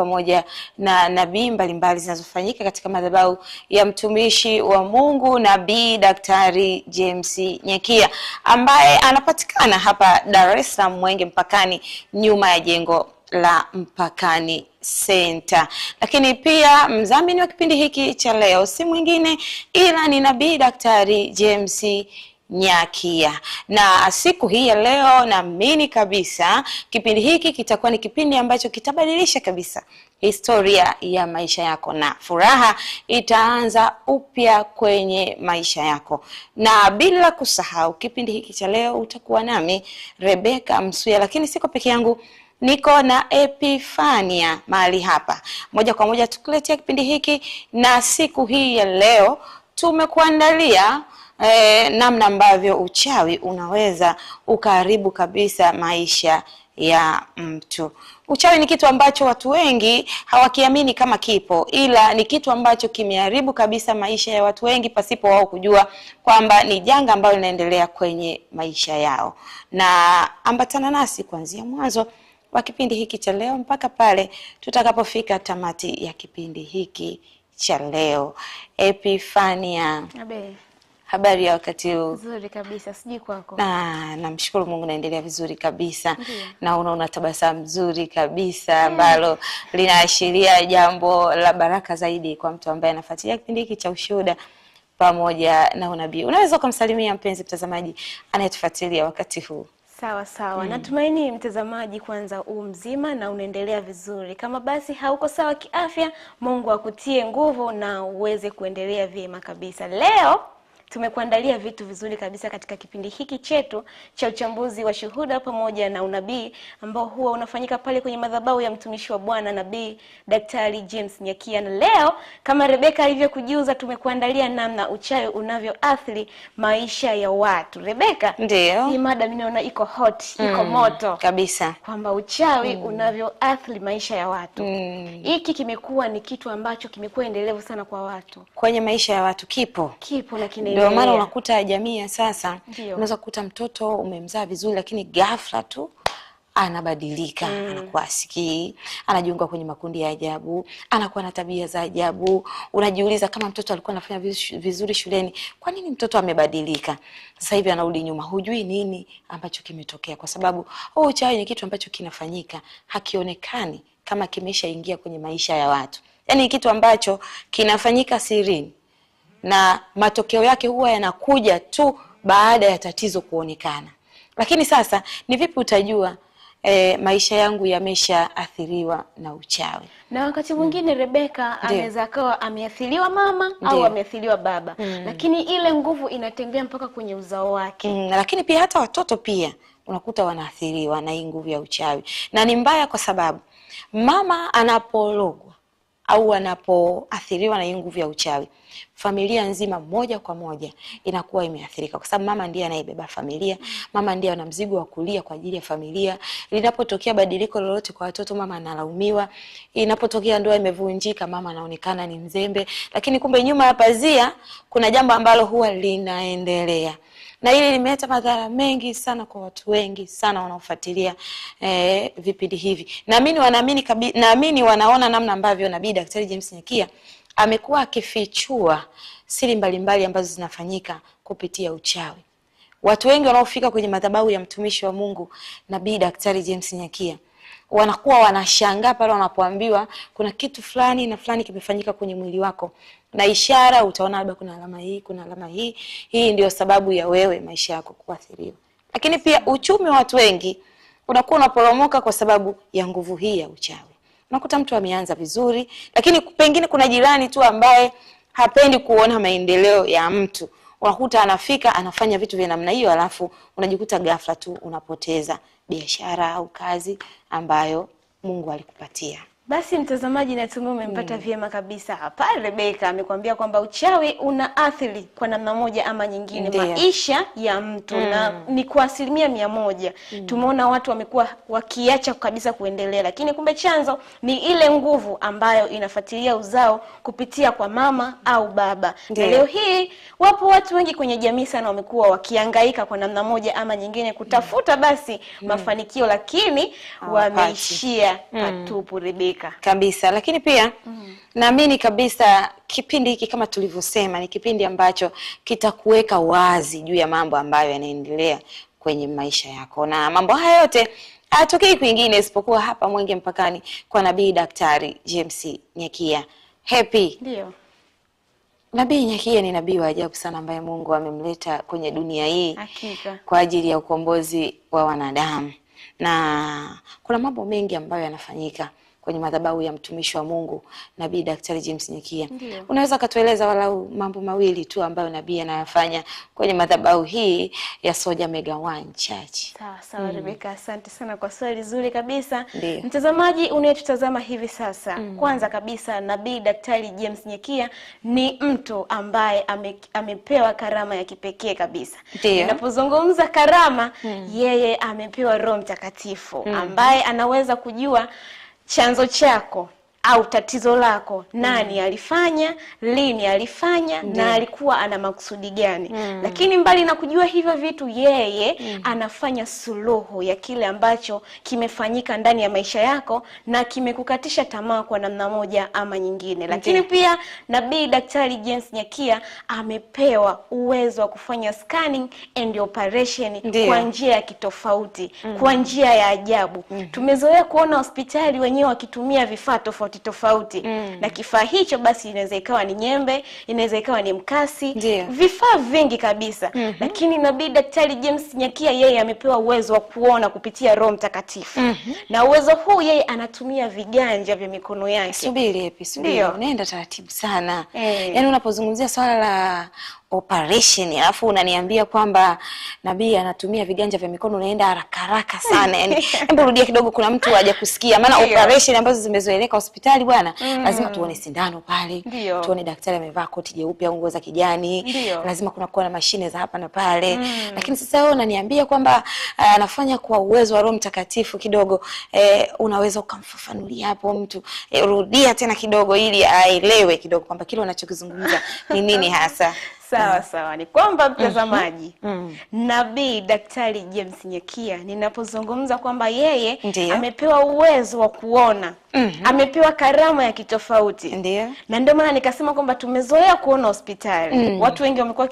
pamoja na nabii mbalimbali zinazofanyika katika madhabahu ya mtumishi wa Mungu nabii Daktari James Nyekia ambaye anapatikana hapa Dar es Salaam Mwenge mpakani, nyuma ya jengo la Mpakani Center. Lakini pia mdhamini wa kipindi hiki cha leo si mwingine ila ni nabii Daktari James Nyakia. Na siku hii ya leo naamini kabisa kipindi hiki kitakuwa ni kipindi ambacho kitabadilisha kabisa historia ya maisha yako na furaha itaanza upya kwenye maisha yako. Na bila kusahau kipindi hiki cha leo utakuwa nami Rebeka Msuya, lakini siko peke yangu niko na Epifania mahali hapa moja kwa moja tukuletea kipindi hiki, na siku hii ya leo tumekuandalia eh, namna ambavyo uchawi unaweza ukaharibu kabisa maisha ya mtu. Uchawi ni kitu ambacho watu wengi hawakiamini kama kipo, ila ni kitu ambacho kimeharibu kabisa maisha ya watu wengi pasipo wao kujua kwamba ni janga ambalo linaendelea kwenye maisha yao. Na ambatana nasi kuanzia mwanzo wa kipindi hiki cha leo mpaka pale tutakapofika tamati ya kipindi hiki cha leo. Epifania Abe. Habari ya wakati huu? Nzuri kabisa, sijui kwako. Na namshukuru Mungu naendelea vizuri kabisa. Na Naona una tabasamu nzuri kabisa eh. ambalo linaashiria jambo la baraka zaidi kwa mtu ambaye anafuatilia kipindi hiki cha Ushuhuda pamoja na unabii. Unaweza ukamsalimia mpenzi mtazamaji anayetufuatilia wakati huu. Sawa sawa. Hmm. Natumaini mtazamaji kwanza u mzima na unaendelea vizuri. Kama basi hauko sawa kiafya, Mungu akutie nguvu na uweze kuendelea vyema kabisa. Leo tumekuandalia vitu vizuri kabisa katika kipindi hiki chetu cha uchambuzi wa shuhuda pamoja na unabii ambao huwa unafanyika pale kwenye madhabahu ya mtumishi wa Bwana nabii Daktari James Nyakia, na leo kama Rebeka alivyokujuza, tumekuandalia namna uchawi unavyoathiri maisha ya watu. Rebeka, ndio hii mada mimi iko hot, mm. iko moto kabisa, kwamba uchawi mm, unavyoathiri maisha ya watu mm. hiki mm, kimekuwa ni kitu ambacho kimekuwa endelevu sana kwa watu, kwenye maisha ya watu kipo kipo na kina ndio maana unakuta jamii ya sasa, unaweza kukuta mtoto umemzaa vizuri, lakini ghafla tu anabadilika mm. Anakuwa asikii, anajiunga kwenye makundi ya ajabu, anakuwa na tabia za ajabu. Unajiuliza, kama mtoto alikuwa anafanya vizuri shuleni, kwa nini mtoto amebadilika sasa hivi anarudi nyuma? Hujui nini ambacho kimetokea, kwa sababu oh, uchawi ni kitu ambacho kinafanyika, hakionekani kama kimeshaingia kwenye maisha ya watu, yaani kitu ambacho kinafanyika sirini na matokeo yake huwa yanakuja tu baada ya tatizo kuonekana. Lakini sasa ni vipi utajua E, maisha yangu yameshaathiriwa na uchawi. Na wakati mwingine mm. Rebeka anaweza akawa ameathiriwa mama Deo. au ameathiriwa baba mm. lakini ile nguvu inatembea mpaka kwenye uzao wake mm. Lakini pia hata watoto pia unakuta wanaathiriwa na hii nguvu ya uchawi, na ni mbaya kwa sababu mama anapologwa au wanapoathiriwa na hii nguvu ya uchawi, familia nzima moja kwa moja inakuwa imeathirika, kwa sababu mama ndiye anayebeba familia, mama ndiye ana mzigo wa kulia kwa ajili ya familia. Linapotokea badiliko lolote kwa watoto, mama analaumiwa. Inapotokea ndoa imevunjika, mama anaonekana ni mzembe, lakini kumbe nyuma ya pazia kuna jambo ambalo huwa linaendelea na hili limeleta madhara mengi sana kwa watu wengi sana wanaofuatilia eh, vipindi hivi. Naamini wanaamini naamini wanaona namna ambavyo Nabii Daktari James Nyakia amekuwa akifichua siri mbalimbali ambazo zinafanyika kupitia uchawi. Watu wengi wanaofika kwenye madhabahu ya mtumishi wa Mungu Nabii Daktari James Nyakia wanakuwa wanashangaa pale wanapoambiwa kuna kitu fulani na fulani kimefanyika kwenye mwili wako, na ishara utaona labda kuna alama hii, kuna alama hii. Hii ndio sababu ya wewe maisha yako kuathiriwa. Lakini pia uchumi wa watu wengi unakuwa unaporomoka kwa sababu ya nguvu hii ya uchawi. Unakuta mtu ameanza vizuri, lakini pengine kuna jirani tu ambaye hapendi kuona maendeleo ya mtu unakuta anafika anafanya vitu vya namna hiyo, alafu unajikuta ghafla tu unapoteza biashara au kazi ambayo Mungu alikupatia. Basi mtazamaji, natumai umempata mm. vyema kabisa hapa. Rebeka amekwambia kwamba uchawi una athiri kwa namna moja ama nyingine Ndea, maisha ya mtu mm. na ni kwa asilimia mia moja mm. tumeona watu wamekuwa wakiacha kabisa kuendelea, lakini kumbe chanzo ni ile nguvu ambayo inafuatilia uzao kupitia kwa mama au baba. Na leo hii wapo watu wengi kwenye jamii sana wamekuwa wakiangaika kwa namna moja ama nyingine kutafuta basi mm. mafanikio, lakini wameishia patupu. Mm. Rebeka kuridhika kabisa, lakini pia mm. naamini kabisa kipindi hiki kama tulivyosema ni kipindi ambacho kitakuweka wazi juu ya mambo ambayo yanaendelea kwenye maisha yako, na mambo haya yote hayatokei kwingine isipokuwa hapa Mwenge Mpakani kwa Nabii Daktari James Nyakia. Happy ndio Nabii Nyakia ni nabii wa ajabu sana ambaye Mungu amemleta kwenye dunia hii Akika. kwa ajili ya ukombozi wa wanadamu, na kuna mambo mengi ambayo yanafanyika kwenye madhabahu ya mtumishi wa Mungu Nabii Daktari James Nyakia. Unaweza ukatueleza walau mambo mawili tu ambayo nabii anayafanya kwenye madhabahu hii ya Soja Mega One Church. Sawa sawa, mm. Rebeka, asante sana kwa swali zuri kabisa. Ndiyo. Mtazamaji unayetutazama hivi sasa, mm. kwanza kabisa Nabii Daktari James Nyakia ni mtu ambaye ame, amepewa karama ya kipekee kabisa. Ninapozungumza karama, mm. yeye amepewa Roho Mtakatifu mm. ambaye anaweza kujua chanzo chako au tatizo lako mm. nani mm. alifanya lini alifanya mm. na alikuwa ana makusudi gani mm. lakini mbali na kujua hivyo vitu yeye mm. anafanya suluhu ya kile ambacho kimefanyika ndani ya maisha yako na kimekukatisha tamaa kwa namna moja ama nyingine lakini okay. pia nabii daktari James Nyakia amepewa uwezo wa kufanya scanning and operation kwa njia ya kitofauti mm. kwa njia ya ajabu mm. tumezoea kuona hospitali wenyewe wakitumia vifaa tofauti tofauti tofauti mm. na kifaa hicho basi inaweza ikawa ni nyembe, inaweza ikawa ni mkasi vifaa vingi kabisa mm -hmm. lakini nabii Daktari James Nyakia yeye amepewa uwezo wa kuona kupitia Roho Mtakatifu mm -hmm. na uwezo huu yeye anatumia viganja vya mikono yake. Subiri epi, subiri, unaenda taratibu sana hey. Eh. Yaani unapozungumzia swala la operation alafu unaniambia kwamba nabii anatumia viganja vya mikono, unaenda haraka haraka sana yani. Hebu rudia kidogo, kuna mtu haja kusikia, maana operation ambazo zimezoeleka hospitali bwana, mm. lazima tuone sindano pale, Dio. tuone daktari amevaa koti jeupe au nguo za kijani, Dio. lazima kuna kuwa na mashine za hapa na pale mm. Lakini sasa wewe unaniambia kwamba eh, anafanya uh, kwa uwezo wa Roho Mtakatifu kidogo. Eh, unaweza ukamfafanulia hapo mtu eh, rudia tena kidogo ili aelewe kidogo kwamba kile unachokizungumza ni nini hasa Sawa mm. sawa, ni kwamba mhm. mtazamaji, mm -hmm. Nabii Daktari James Nyekia, ninapozungumza kwamba yeye Ndiyo. amepewa uwezo wa kuona mm -hmm. amepewa karama ya kitofauti Ndiyo. na ndio maana nikasema kwamba tumezoea kuona hospitali mm -hmm. watu wengi wamekuwa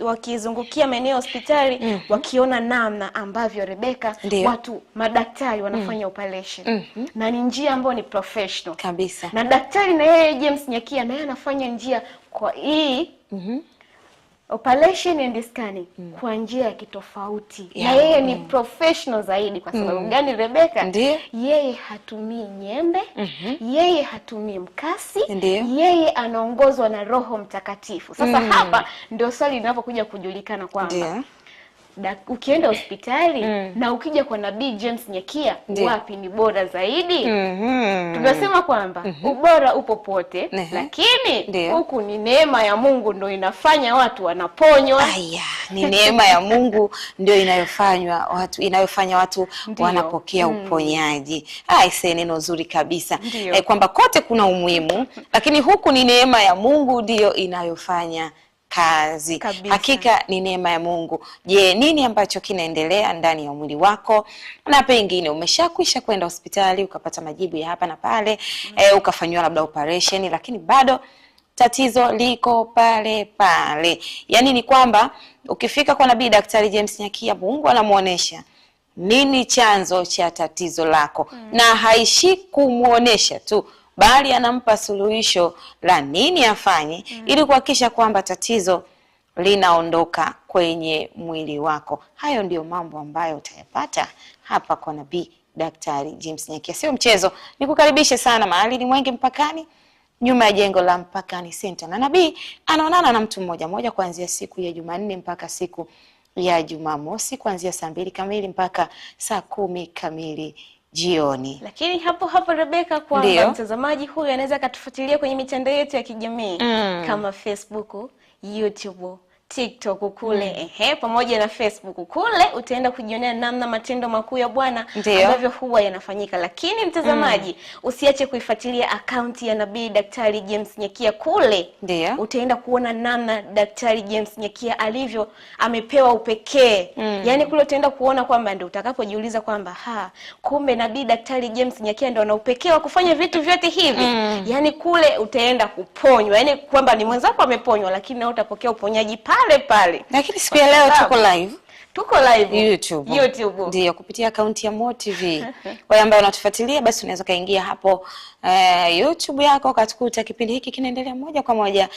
wakizungukia maeneo ya hospitali mm -hmm. wakiona namna ambavyo Rebeka, watu madaktari wanafanya mm -hmm. operation mm -hmm. na ni njia ambayo ni professional kabisa, na daktari na yeye James Nyekia naye anafanya njia kwa hii mm -hmm operation and scanning mm. kwa njia ya kitofauti yeah. na yeye ni mm. professional zaidi kwa sababu mm. gani Rebeka? Ndiye. Yeye hatumii nyembe mm -hmm. yeye hatumii mkasi Ndiye. yeye anaongozwa na Roho Mtakatifu. Sasa mm. hapa ndio swali linapokuja kujulikana kwamba da, ukienda hospitali mm. na ukija kwa Nabii James Nyakia Ndi. wapi ni bora zaidi? mm -hmm. Tunasema kwamba mm -hmm. ubora upo pote mm -hmm. lakini huku ni neema ya Mungu ndio inafanya watu wanaponywa. Aya, ni neema ya Mungu ndio inayofanywa watu inayofanya watu Ndiyo. wanapokea mm. uponyaji. Aise, neno zuri kabisa eh, kwamba kote kuna umuhimu, lakini huku ni neema ya Mungu ndiyo inayofanya kazi kabisa. Hakika ni neema ya Mungu. Je, nini ambacho kinaendelea ndani ya mwili wako, na pengine umeshakwisha kwenda hospitali ukapata majibu ya hapa na pale mm. eh, ukafanyiwa labda operation, lakini bado tatizo liko pale pale. Yaani ni kwamba ukifika kwa nabii Daktari James Nyakia, Mungu anamuonesha nini chanzo cha tatizo lako mm. na haishi kumuonesha tu bali anampa suluhisho la nini afanye mm. ili kuhakikisha kwamba tatizo linaondoka kwenye mwili wako. Hayo ndiyo mambo ambayo utayapata hapa kwa Nabii Daktari James Nyakia, sio mchezo. Nikukaribishe sana mahali ni Mwenge Mpakani, nyuma ya jengo la Mpakani Center, na Nabii anaonana na mtu mmoja mmoja kuanzia siku ya Jumanne mpaka siku ya Jumamosi, kuanzia saa mbili kamili mpaka saa kumi kamili jioni. Lakini hapo hapo Rebeka, kwamba mtazamaji huyu anaweza akatufuatilia kwenye mitandao yetu ya kijamii mm. kama Facebook, YouTube TikTok kule mm. ehe, pamoja na Facebook kule utaenda kujionea namna matendo makuu ya Bwana ambavyo huwa yanafanyika. Lakini mtazamaji, mm. usiache kuifuatilia akaunti ya nabii Daktari James Nyakia kule. ndio, utaenda kuona namna Daktari James Nyakia alivyo amepewa upekee mm. yaani kule utaenda kuona kwamba ndio utakapojiuliza kwamba ha, kumbe nabii Daktari James Nyakia ndio ana upekee wa kufanya vitu vyote hivi mm. yaani kule utaenda kuponywa, yaani kwamba ni mwenzako ameponywa, lakini na utapokea uponyaji pa pale pale. Lakini siku ya leo tuko live tuko live YouTube, YouTube. Ndio, kupitia akaunti ya MOTV. hiyo ambao unatufuatilia basi unaweza kaingia hapo uh, YouTube yako ukatukuta kipindi hiki kinaendelea moja kwa moja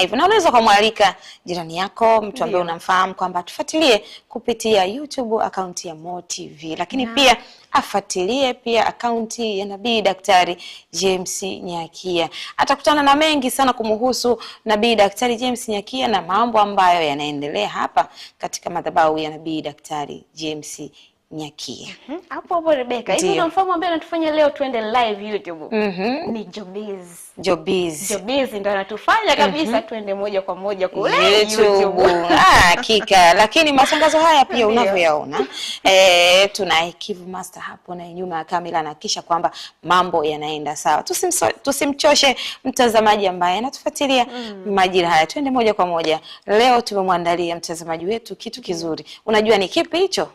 live, na unaweza kumwalika jirani yako, mtu ambaye unamfahamu kwamba tufuatilie kupitia YouTube akaunti ya Mo TV, lakini yeah. pia afuatilie pia akaunti ya Nabii Daktari James Nyakia. Atakutana na mengi sana kumuhusu Nabii Daktari James Nyakia na mambo ambayo yanaendelea hapa katika madhabahu ya Nabii Daktari James Nyakia. Mhm. Hapo hapo Rebecca. Hivi mfumo ambao anatufanya leo tuende live YouTube? Mm -hmm. Ni Jobiz. Jobiz. Jobiz ndio anatufanya kabisa mm -hmm. tuende moja kwa moja kule YouTube. Ah, Hakika. Lakini matangazo haya pia unavyoyaona eh, tuna Kivu Master hapo na nyuma ya kamera na kisha kwamba mambo yanaenda sawa. Tusimso, tusimchoshe mtazamaji ambaye anatufuatilia mm majira haya. Tuende moja kwa moja. Leo tumemwandalia mtazamaji wetu kitu kizuri. Unajua ni kipi hicho?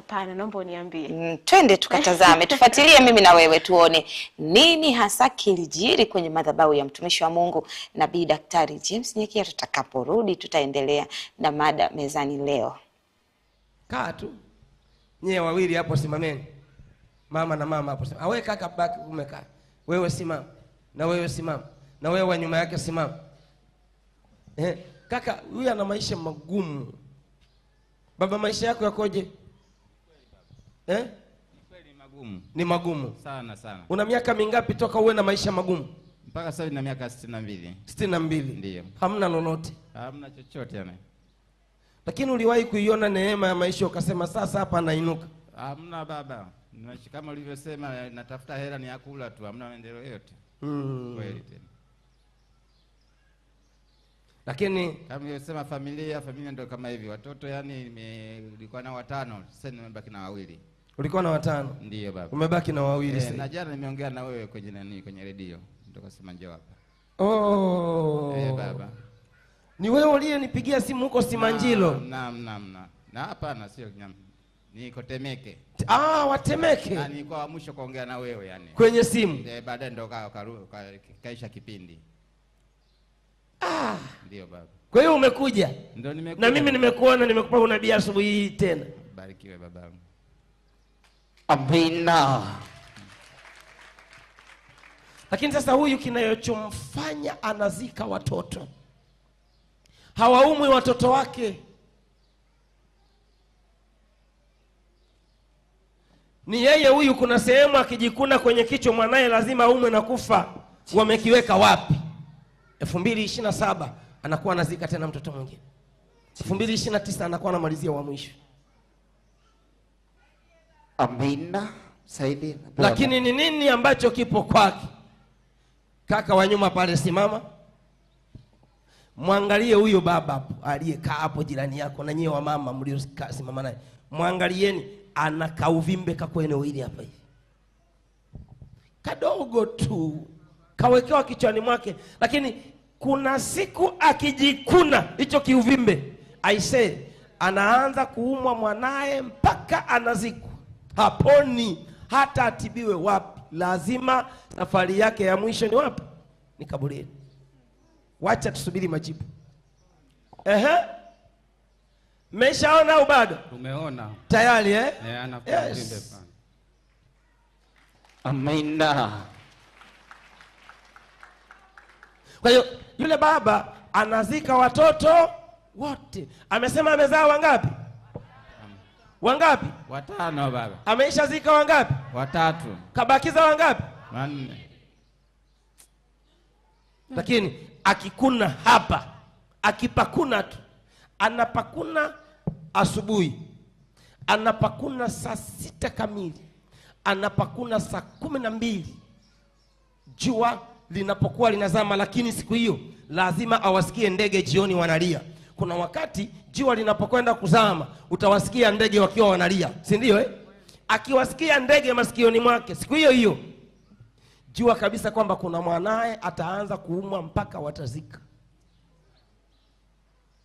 Hapana, naomba uniambie. Mm, twende tukatazame, tufuatilie mimi na wewe tuone nini hasa kilijiri kwenye madhabahu ya mtumishi wa Mungu Nabii Daktari James Nyekia. Tutakaporudi tutaendelea na mada mezani leo. Kaa tu nyewe wawili hapo, simameni, mama na mama hapo. Awe kaka baki, umekaa wewe, simama na wewe, simama na wewe, nyuma yake simama. Eh, kaka huyu ana maisha magumu. Baba, maisha yako yakoje? eh? Kweli magumu. Ni magumu sana sana. Una miaka mingapi toka uwe na maisha magumu? Mpaka sasa nina miaka 62. 62. Ndio. Hamna lolote. Hamna chochote yani. Lakini uliwahi kuiona neema ya maisha ukasema sasa hapa nainuka? Hamna baba. Naishi kama ulivyosema, natafuta hela ni yakula tu, hamna maendeleo yote. Mm. Kweli tena. Lakini kama ulivyosema, familia familia ndio kama hivi, watoto yani nilikuwa na watano, sasa nimebaki na wawili. Ulikuwa na watano? Ndio baba. Umebaki na wawili e, sasa. Na jana nimeongea na wewe kwenye nani kwenye redio. Tukasema njoo hapa. Oh. Eh, baba. Ni wewe uliyenipigia simu huko Simanjiro? Naam, naam, na Na hapana sio nyama. Niko Temeke. Ah, Watemeke. Na nilikuwa wa mwisho kuongea na wewe yani. Kwenye simu. Eh, baadaye ndo kaisha kipindi. Ah. Ndio baba. Kwa hiyo umekuja? Ndio nimekuja. Na mimi nimekuona nimekupa unabii asubuhi hii tena. Barikiwe babangu amina lakini sasa huyu kinayochomfanya anazika watoto hawaumwi watoto wake ni yeye huyu kuna sehemu akijikuna kwenye kichwa mwanaye lazima aumwe na kufa wamekiweka wapi elfu mbili ishiri na saba anakuwa anazika tena mtoto mwingine elfu mbili ishiri na tisa anakuwa anamalizia wa mwisho Amina. Saidi, lakini ni nini ambacho kipo kwake? Kaka wa nyuma pale, simama, mwangalie huyo baba hapo aliyekaa hapo jirani yako, na nyie wamama mliosimama naye, mwangalieni, ana kauvimbe kako eneo hili hapa hivi kadogo tu, kawekewa kichwani mwake, lakini kuna siku akijikuna hicho kiuvimbe, aisee, anaanza kuumwa mwanaye mpaka anaziku haponi hata atibiwe wapi, lazima safari yake ya mwisho ni wapi? Ni kaburini. Wacha tusubiri majibu. Ehe, mmeshaona au bado? Tumeona tayari eh? eh yes. Amina. Kwa hiyo yule baba anazika watoto wote, amesema amezaa wangapi? Wangapi? Watano baba. Ameishazika wangapi? Watatu. Kabakiza wangapi? Wanne. Lakini akikuna hapa, akipakuna tu, anapakuna asubuhi, anapakuna saa sita kamili, anapakuna saa kumi na mbili jua linapokuwa linazama, lakini siku hiyo lazima awasikie ndege jioni wanalia kuna wakati jua linapokwenda kuzama utawasikia ndege wakiwa wanalia, si ndio eh? Akiwasikia ndege masikioni mwake siku hiyo hiyo, jua kabisa kwamba kuna mwanaye ataanza kuumwa mpaka watazika.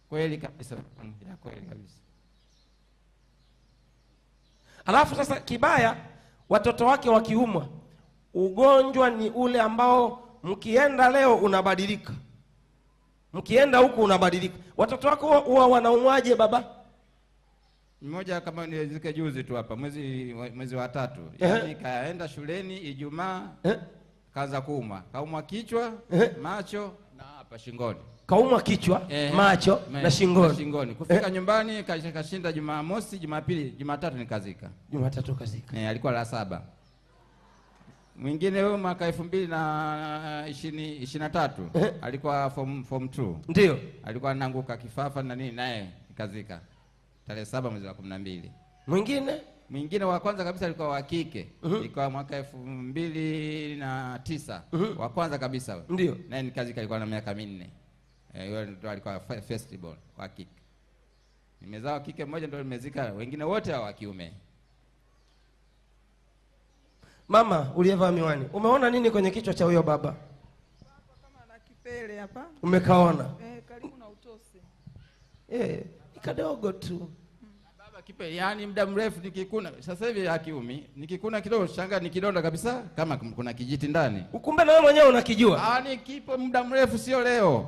Kweli kabisa, kweli kabisa. Alafu sasa kibaya, watoto wake wakiumwa, ugonjwa ni ule ambao mkienda leo unabadilika mkienda huku unabadilika. Watoto wako huwa wanaumwaje baba? Mmoja kama niwezike juzi tu hapa mwezi mwezi wa tatu, eh. yaani kaenda shuleni Ijumaa, eh. kaanza kuumwa, kaumwa kichwa, eh. macho na hapa shingoni kaumwa kichwa eh, macho me, na shingoni, na shingoni. Kufika eh, nyumbani kashinda Jumamosi, Jumapili, Jumatatu nikazika, Jumatatu kazika eh, alikuwa la saba. Mwingine huyo mwaka elfu mbili na eh, ishirini na tatu eh. alikuwa form form 2. Ndio. Alikuwa ananguka kifafa na nini naye ikazika tarehe saba mwezi wa kumi na mbili. Mwingine mwingine wa kwanza kabisa alikuwa wa kike mhm. uh -huh. mwaka elfu mbili na tisa uh mhm. -huh. Wa kwanza kabisa ndio naye nikazika, alikuwa na miaka minne. Eh, yule ndo alikuwa festival wa kike. Nimezaa wa kike mmoja ndo nimezika, wengine wote wa kiume. Mama uliyevaa miwani, umeona nini kwenye kichwa cha huyo baba? Umekaona eh, kadogo tu baba yani muda mrefu nikikuna. Sasa hivi hakiumi, nikikuna kidogo shanga ni kidonda kabisa, kama kuna kijiti ndani. Kumbe na wewe mwenyewe unakijua? Ah, ni kipo muda mrefu, sio leo.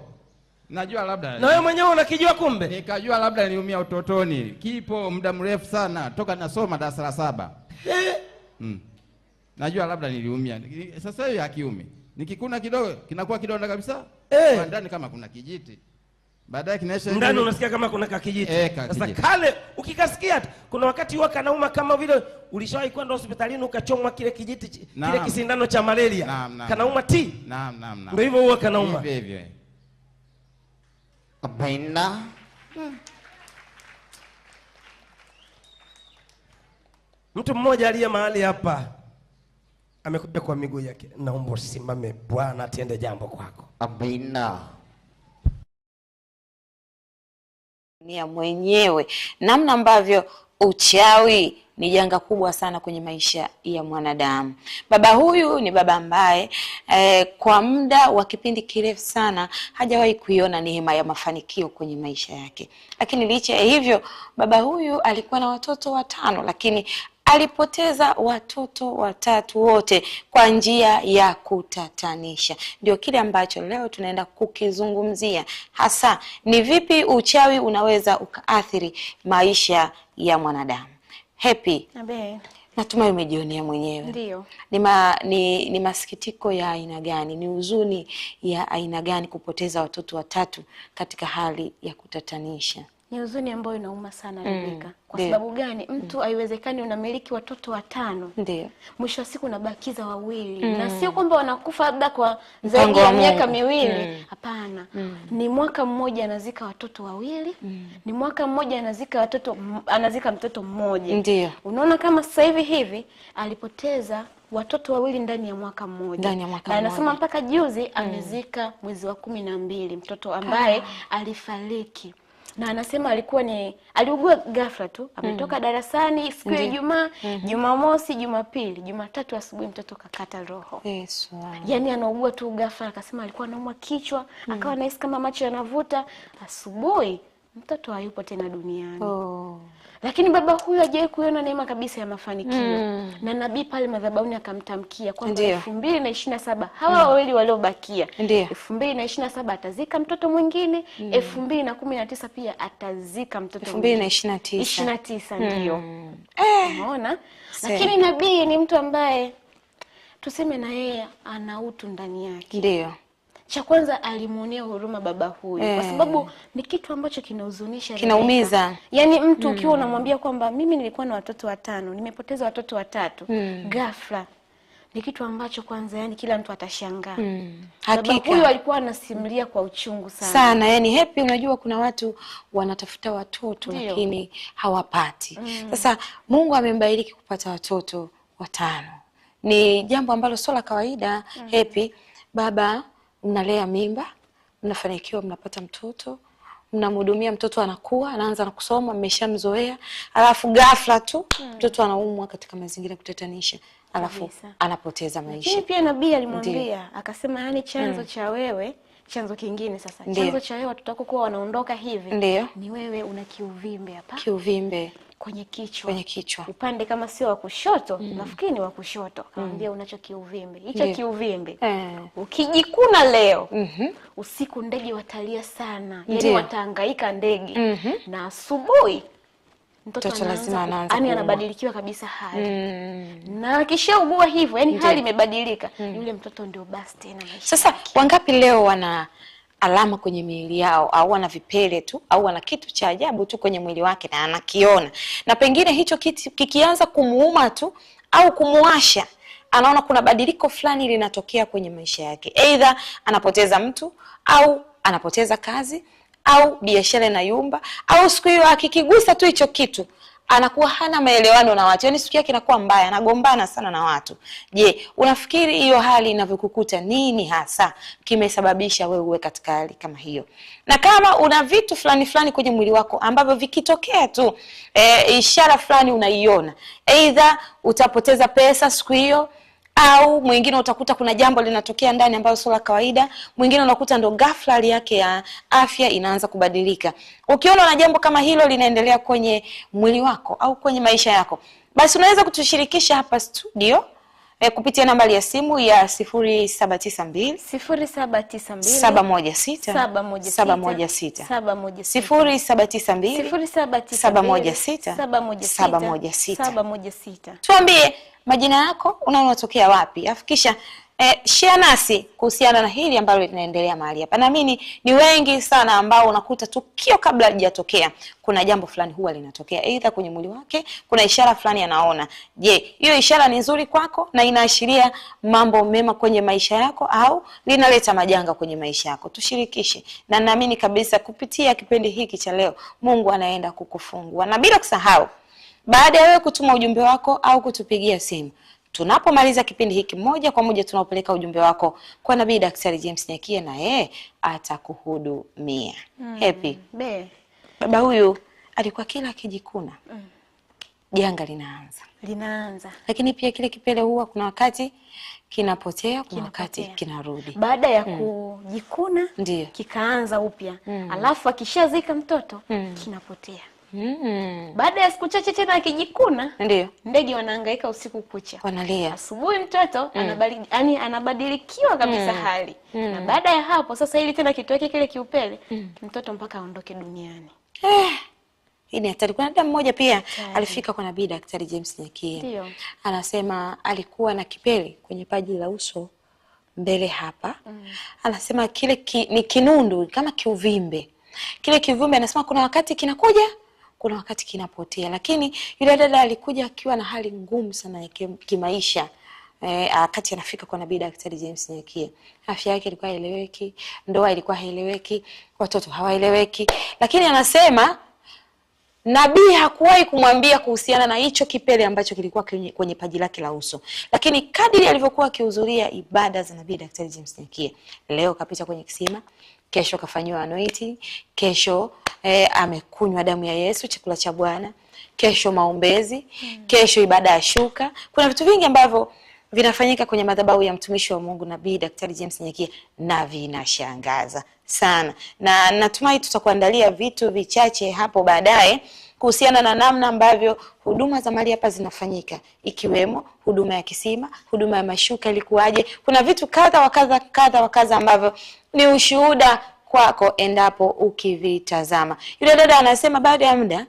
Najua labda. Na wewe mwenyewe unakijua kumbe? Nikajua labda niliumia utotoni. Kipo muda mrefu sana toka nasoma darasa la saba. Eh, mm najua labda niliumia. Sasa hiyo hakiumi, nikikuna kidogo kinakuwa kidonda kabisa eh, kwa ndani kama kuna kijiti baadaye kinaisha ndani, unasikia kama kuna kakijiti e, eh, ka sasa kale ukikasikia kuna wakati huwa kanauma kama vile ulishawahi kwenda hospitalini ukachomwa kile kijiti naam, kile kisindano cha malaria naam, naam, kanauma ti naam, naam, naam. ndio hivyo huwa kanauma hivyo hivyo abaina mtu mmoja aliye mahali hapa amekuja kwa miguu yake. Naomba usimame, Bwana atende jambo kwako. Amina. Nia mwenyewe namna ambavyo uchawi ni janga kubwa sana kwenye maisha ya mwanadamu. Baba huyu ni baba ambaye eh, kwa muda wa kipindi kirefu sana hajawahi kuiona neema ya mafanikio kwenye maisha yake, lakini licha ya hivyo, baba huyu alikuwa na watoto watano, lakini alipoteza watoto watatu wote kwa njia ya kutatanisha. Ndio kile ambacho leo tunaenda kukizungumzia, hasa ni vipi uchawi unaweza ukaathiri maisha ya mwanadamu. Happy, natumai umejionea mwenyewe. Ndio. Ni, ma, ni, ni masikitiko ya aina gani, ni huzuni ya aina gani kupoteza watoto watatu katika hali ya kutatanisha? ni huzuni ambayo inauma sana mm. Rebeka, kwa Deo. sababu gani? Mm. Mtu haiwezekani unamiliki watoto watano, ndio mwisho wa siku unabakiza wawili mm. na sio kwamba wanakufa labda kwa zaidi ya miaka miwili, mm. hapana mm. mm. ni mwaka mmoja anazika watoto wawili mm. ni mwaka mmoja anazika watoto anazika mtoto mmoja. Ndio unaona kama sasa hivi hivi alipoteza watoto wawili ndani ya mwaka mmoja, na anasema mpaka juzi mm. amezika mwezi wa kumi na mbili mtoto ambaye ah. alifariki na anasema alikuwa ni aliugua ghafla tu, ametoka mm. darasani siku ya Ijumaa, mm -hmm. Jumamosi, Jumapili, Jumatatu asubuhi mtoto kakata roho. Yesu. Yaani anaugua tu ghafla, akasema alikuwa anaumwa kichwa, mm. akawa anahisi kama macho yanavuta asubuhi mtoto hayupo tena duniani oh. Lakini baba huyu hajawahi kuiona neema kabisa ya mafanikio mm. Na nabii pale madhabahuni akamtamkia kwamba elfu mbili na ishirini na saba hmm. hawa mm. wawili waliobakia, elfu mbili na ishirini na saba atazika mtoto mwingine mm. elfu mbili na kumi na tisa pia atazika mtoto na ishirini na tisa hmm. ndio eh. umeona. Lakini nabii ni mtu ambaye tuseme na yeye ana utu ndani yake, ndio cha kwanza alimuonea huruma baba huyu e, kwa eh. sababu ni kitu ambacho kinahuzunisha, kinaumiza. Yani mtu hmm. ukiwa mm. unamwambia kwamba mimi nilikuwa na watoto watano, nimepoteza watoto watatu mm. ghafla ni kitu ambacho kwanza, yani kila mtu atashangaa mm. Hakika huyu alikuwa anasimulia kwa uchungu sana sana, yani happy. Unajua, kuna watu wanatafuta watoto Dio. lakini hawapati mm. Sasa Mungu amembariki kupata watoto watano, ni jambo ambalo sio la kawaida mm. Happy baba mnalea mimba, mnafanikiwa, mnapata mtoto, mnamhudumia mtoto, anakuwa anaanza na kusoma, mmeshamzoea, alafu ghafla tu hmm. mtoto anaumwa katika mazingira ya kutatanisha, alafu Kabisa. anapoteza maisha. Lakini pia nabii alimwambia akasema, yani chanzo hmm. cha wewe chanzo kingine sasa, Ndiyo. chanzo cha wewe watoto wako kuwa wanaondoka hivi Ndiyo. ni wewe una kiuvimbe hapa, kiuvimbe kwenye kichwa, kwenye kichwa upande kama sio wa kushoto mm. nafikiri ni wa kushoto mm. kaambia, mm. unacho kiuvimbe hicho yeah. kiuvimbe eh. ukijikuna leo mm -hmm. usiku ndege watalia sana, yani watahangaika ndege mm -hmm. na asubuhi mtoto lazima anaanza yani anabadilikiwa kabisa hali mm. na akishaugua hivyo yani hali imebadilika mm. yule mtoto ndio basi tena Sasa wangapi leo wana alama kwenye miili yao au ana vipele tu au ana kitu cha ajabu tu kwenye mwili wake na anakiona, na pengine hicho kitu kikianza kumuuma tu au kumuasha anaona kuna badiliko fulani linatokea kwenye maisha yake, aidha anapoteza mtu au anapoteza kazi au biashara inayumba, au siku hiyo akikigusa tu hicho kitu anakuwa hana maelewano na watu, yaani siku yake inakuwa mbaya, anagombana sana na watu. Je, unafikiri hiyo hali inavyokukuta nini hasa kimesababisha wewe uwe katika hali kama hiyo? Na kama una vitu fulani fulani kwenye mwili wako ambavyo vikitokea tu e, ishara fulani unaiona, aidha utapoteza pesa siku hiyo au mwingine utakuta kuna jambo linatokea ndani ambayo sio la kawaida. Mwingine unakuta ndo ghafla hali yake ya afya inaanza kubadilika. Ukiona na jambo kama hilo linaendelea kwenye mwili wako au kwenye maisha yako, basi unaweza kutushirikisha hapa studio e, kupitia nambari ya simu ya sifuri saba tisa mbili sifuri saba tisa mbili saba moja sita saba moja saba moja sita saba moja sifuri saba tisa mbili sifuri saba tisa saba moja sita saba moja sita saba moja sita. Tuambie majina yako, unaona unatokea wapi, afu kisha eh, share nasi kuhusiana na hili ambalo linaendelea mahali hapa. Naamini ni wengi sana ambao unakuta tukio kabla halijatokea kuna jambo fulani huwa linatokea, aidha kwenye mwili wake kuna ishara fulani anaona. Je, hiyo ishara ni nzuri kwako na inaashiria mambo mema kwenye maisha yako au linaleta majanga kwenye maisha yako? Tushirikishe, na naamini kabisa kupitia kipindi hiki cha leo Mungu anaenda kukufungua, na bila kusahau baada ya wewe kutuma ujumbe wako au kutupigia simu. Tunapomaliza kipindi hiki, moja kwa moja tunaopeleka ujumbe wako kwa Nabii Daktari James Nyakia na yeye atakuhudumia. Mm. Happy. Be. Baba huyu alikuwa kila akijikuna mm. janga linaanza linaanza, lakini pia kile kipele huwa kuna wakati kinapotea, kuna wakati kinarudi baada ya mm. kujikuna, ndio kikaanza upya mm. alafu akishazika mtoto mm. kinapotea. Mm. Baada ya siku chache tena akijikuna, ndio ndege wanahangaika usiku kucha, wanalia. Asubuhi mtoto mm. anabali, yani anabadilikiwa kabisa mm. hali mm. na baada ya hapo sasa ili tena kitu yake kile kiupele mm. mtoto mpaka aondoke duniani eh. Hii ni hatari. Kuna dada mmoja pia Chari. alifika kwa nabii Daktari James Nyakie, anasema alikuwa na kipele kwenye paji la uso mbele hapa mm. anasema kile ki, ni kinundu kama kiuvimbe. Kile kiuvimbe anasema kuna wakati kinakuja kuna wakati kinapotea. Lakini yule dada alikuja akiwa na hali ngumu sana ya kimaisha. eh, akati ah, anafika kwa nabii Daktari James Nyakia, afya yake ilikuwa haieleweki, ndoa ilikuwa haieleweki, watoto hawaeleweki, lakini anasema nabii hakuwahi kumwambia kuhusiana na hicho kipele ambacho kilikuwa kwenye paji lake la uso, lakini kadiri alivyokuwa akihudhuria ibada za nabii Daktari James Nyakia, leo kapita kwenye kisima, kesho kafanyiwa anointing, kesho e, amekunywa damu ya Yesu, chakula cha Bwana, kesho maombezi, mm. kesho ibada ya shuka. Kuna vitu vingi ambavyo vinafanyika kwenye madhabahu ya mtumishi wa Mungu Nabii Daktari James Nyakia na vinashangaza sana, na natumai tutakuandalia vitu vichache hapo baadaye kuhusiana na namna ambavyo huduma za mali hapa zinafanyika ikiwemo huduma ya kisima, huduma ya mashuka ilikuwaje. Kuna vitu kadha wa kadha kadha wa kadha ambavyo ni ushuhuda kwako endapo ukivitazama. Yule dada anasema baada ya muda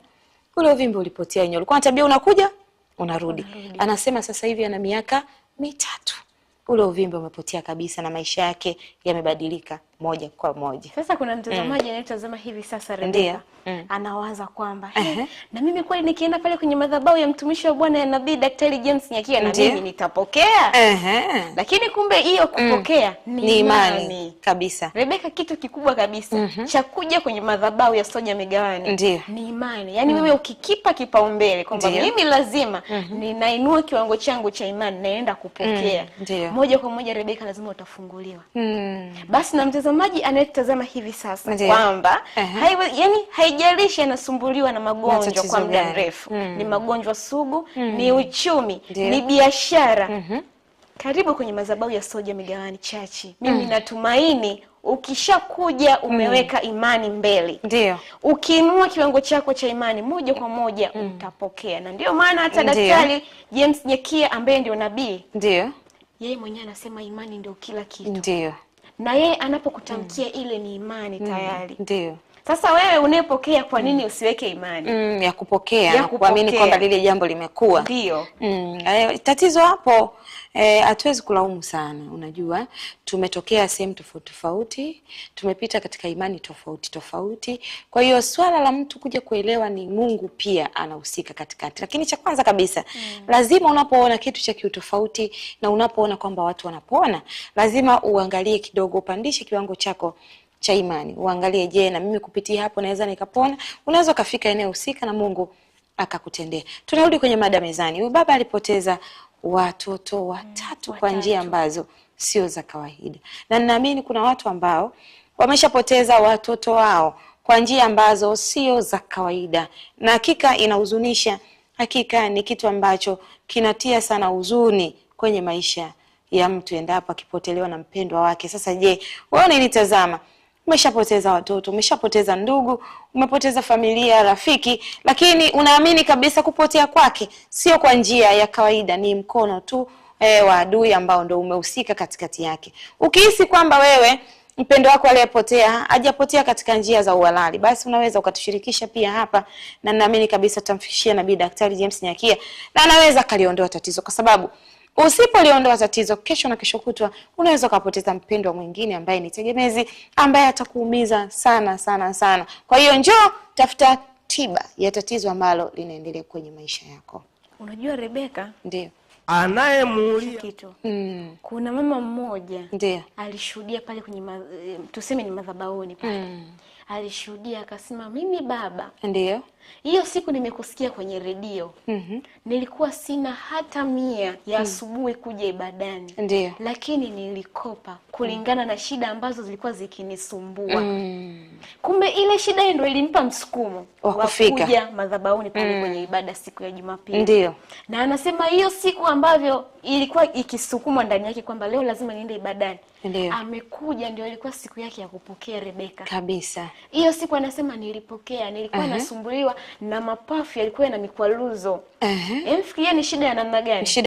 ule uvimbe ulipotea yenyewe, ulikuwa tabia unakuja unarudi. Unarudi. Anasema sasa hivi ana miaka mitatu ule uvimbe umepotea kabisa na maisha yake yamebadilika moja kwa moja. Sasa kuna mtazamaji mm. anayetazama hivi sasa Rebeka mm. anawaza kwamba uh -huh. na mimi kweli nikienda pale kwenye madhabahu ya mtumishi wa Bwana ya nabii Daktari James Nyakia na mimi nitapokea. uh -huh. Lakini kumbe hiyo mm. kupokea mm. ni imani. imani kabisa. Rebeka, kitu kikubwa kabisa mm -hmm. cha kuja kwenye madhabahu ya Soja Migawani Ndiyo. ni imani, yaani mm. wewe ukikipa kipaumbele kwamba mimi lazima mm -hmm. ninainua kiwango changu cha imani naenda kupokea mm. moja kwa moja, Rebeka, lazima utafunguliwa mm. basi na mtazamaji mtazamaji anayetazama hivi sasa kwamba yani, haijalishi anasumbuliwa na magonjwa kwa muda mrefu mm. ni magonjwa sugu mm. ni uchumi Deo. ni biashara mm -hmm. Karibu kwenye mazabau ya Soja Migawani Chachi. Mm. Mimi mm. natumaini ukishakuja mm. umeweka mm. imani mbele, ndio ukiinua kiwango chako cha imani moja kwa moja mm. utapokea, na ndio maana hata Daktari James Nyekia ambaye ndio nabii, ndio yeye mwenyewe anasema imani ndio kila kitu, ndio na yeye anapokutamkia mm. ile ni imani mm, tayari mm. ndio sasa wewe unayepokea kwa nini mm. usiweke imani mm, ya kupokea ya kuamini kwamba lile jambo limekuwa ndio mm. Eh, tatizo hapo Eh, hatuwezi e, kulaumu sana. Unajua, tumetokea sehemu tofauti tofauti, tumepita katika imani tofauti tofauti. Kwa hiyo swala la mtu kuja kuelewa ni Mungu pia anahusika katikati, lakini cha kwanza kabisa mm. lazima unapoona kitu cha kiutofauti na unapoona kwamba watu wanapona, lazima uangalie kidogo, upandishe kiwango chako cha imani, uangalie, je, na mimi kupitia hapo naweza nikapona? Unaweza ukafika eneo husika na Mungu akakutendea. Tunarudi kwenye mada mezani. Huyu baba alipoteza watoto watatu kwa njia ambazo sio za kawaida, na ninaamini kuna watu ambao wameshapoteza watoto wao kwa njia ambazo sio za kawaida, na hakika inahuzunisha. Hakika ni kitu ambacho kinatia sana huzuni kwenye maisha ya mtu endapo akipotelewa na mpendwa wake. Sasa je, wewe unanitazama umeshapoteza watoto, umeshapoteza ndugu, umepoteza familia, rafiki, lakini unaamini kabisa kupotea kwake sio kwa njia ya kawaida, ni mkono tu e, wa adui ambao ndo umehusika katikati yake. Ukihisi kwamba wewe mpendo wako aliyepotea hajapotea katika njia za uhalali, basi unaweza ukatushirikisha pia hapa, na naamini kabisa tutamfikishia nabii Daktari James Nyakia na anaweza akaliondoa tatizo kwa sababu Usipoliondoa tatizo, kesho na kesho kutwa unaweza ukapoteza mpendwa mwingine ambaye ni tegemezi, ambaye atakuumiza sana sana sana. Kwa hiyo njoo tafuta tiba ya tatizo ambalo linaendelea kwenye maisha yako. Unajua Rebeka, ndio anayemuulia kitu mm. Kuna mama mmoja ndio alishuhudia pale kwenye ma, eh, tuseme ni madhabahuni pale mm. Alishuhudia akasema, mimi baba ndio hiyo siku nimekusikia kwenye redio mm -hmm. Nilikuwa sina hata mia ya hmm. asubuhi mm. kuja ibadani Ndiyo. Lakini nilikopa kulingana mm. na shida ambazo zilikuwa zikinisumbua mm. Kumbe ile shida ndio ilimpa msukumo wa kuja madhabahuni pale mm. kwenye ibada siku ya Jumapili. Ndiyo. Na anasema hiyo siku ambavyo ilikuwa ikisukumwa ndani yake kwamba leo lazima niende ibadani Ndiyo. Amekuja ndio ilikuwa siku yake ya kupokea Rebeka kabisa. Hiyo siku anasema nilipokea, nilikuwa uh -huh. nasumbuliwa na mapafu yalikuwa na mikwaruzo. Uh -huh. Yaani Mfikirie ni shida ya namna gani?